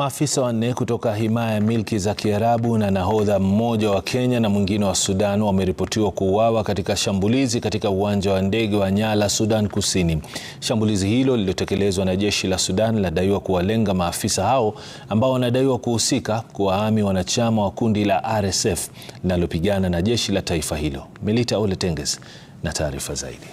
Maafisa wanne kutoka himaya ya milki za Kiarabu na nahodha mmoja wa Kenya na mwingine wa Sudan wameripotiwa kuuawa katika shambulizi katika uwanja wa ndege wa Nyala, Sudan Kusini. Shambulizi hilo lililotekelezwa na jeshi la Sudan linadaiwa kuwalenga maafisa hao ambao wanadaiwa kuhusika kuwahami wanachama wa kundi la RSF linalopigana na jeshi la taifa hilo. Melita Ole Tenges na taarifa zaidi.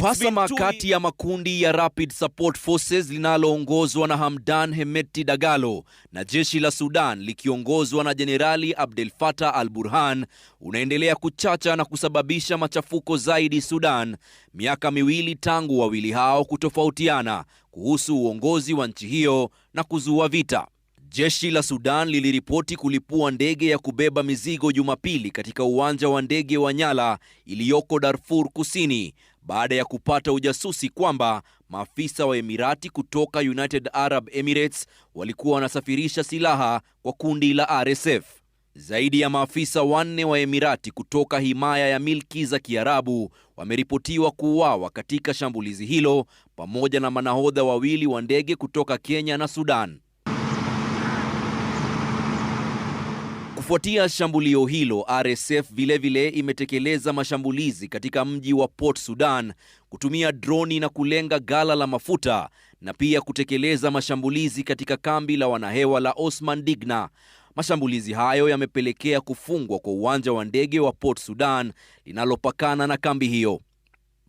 Uhasama kati ya makundi ya Rapid Support Forces linaloongozwa na Hamdan Hemeti Dagalo na jeshi la Sudan likiongozwa na Jenerali Abdel Fattah al-Burhan unaendelea kuchacha na kusababisha machafuko zaidi Sudan, miaka miwili tangu wawili hao kutofautiana kuhusu uongozi wa nchi hiyo na kuzua vita. Jeshi la Sudan liliripoti kulipua ndege ya kubeba mizigo Jumapili katika uwanja wa ndege wa Nyala iliyoko Darfur Kusini baada ya kupata ujasusi kwamba maafisa wa Emirati kutoka United Arab Emirates walikuwa wanasafirisha silaha kwa kundi la RSF. Zaidi ya maafisa wanne wa Emirati kutoka himaya ya milki za Kiarabu wameripotiwa kuuawa katika shambulizi hilo pamoja na manahodha wawili wa ndege kutoka Kenya na Sudan. Kufuatia shambulio hilo, RSF vilevile vile imetekeleza mashambulizi katika mji wa Port Sudan kutumia droni na kulenga ghala la mafuta na pia kutekeleza mashambulizi katika kambi la wanahewa la Osman Digna. Mashambulizi hayo yamepelekea kufungwa kwa uwanja wa ndege wa Port Sudan linalopakana na kambi hiyo.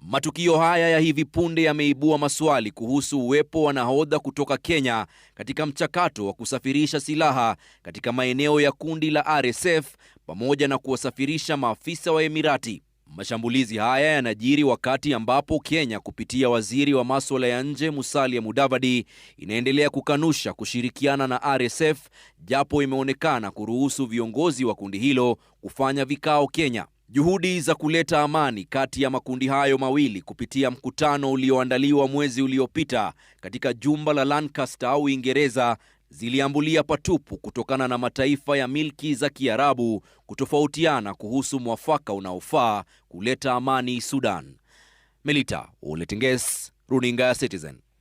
Matukio haya ya hivi punde yameibua maswali kuhusu uwepo wa nahodha kutoka Kenya katika mchakato wa kusafirisha silaha katika maeneo ya kundi la RSF pamoja na kuwasafirisha maafisa wa Emirati. Mashambulizi haya yanajiri wakati ambapo Kenya kupitia waziri wa masuala ya nje Musalia Mudavadi inaendelea kukanusha kushirikiana na RSF japo imeonekana kuruhusu viongozi wa kundi hilo kufanya vikao Kenya. Juhudi za kuleta amani kati ya makundi hayo mawili kupitia mkutano ulioandaliwa mwezi uliopita katika jumba la Lancaster au Uingereza ziliambulia patupu kutokana na mataifa ya milki za Kiarabu kutofautiana kuhusu mwafaka unaofaa kuleta amani Sudan. Melita Oletenges, Runinga ya Citizen.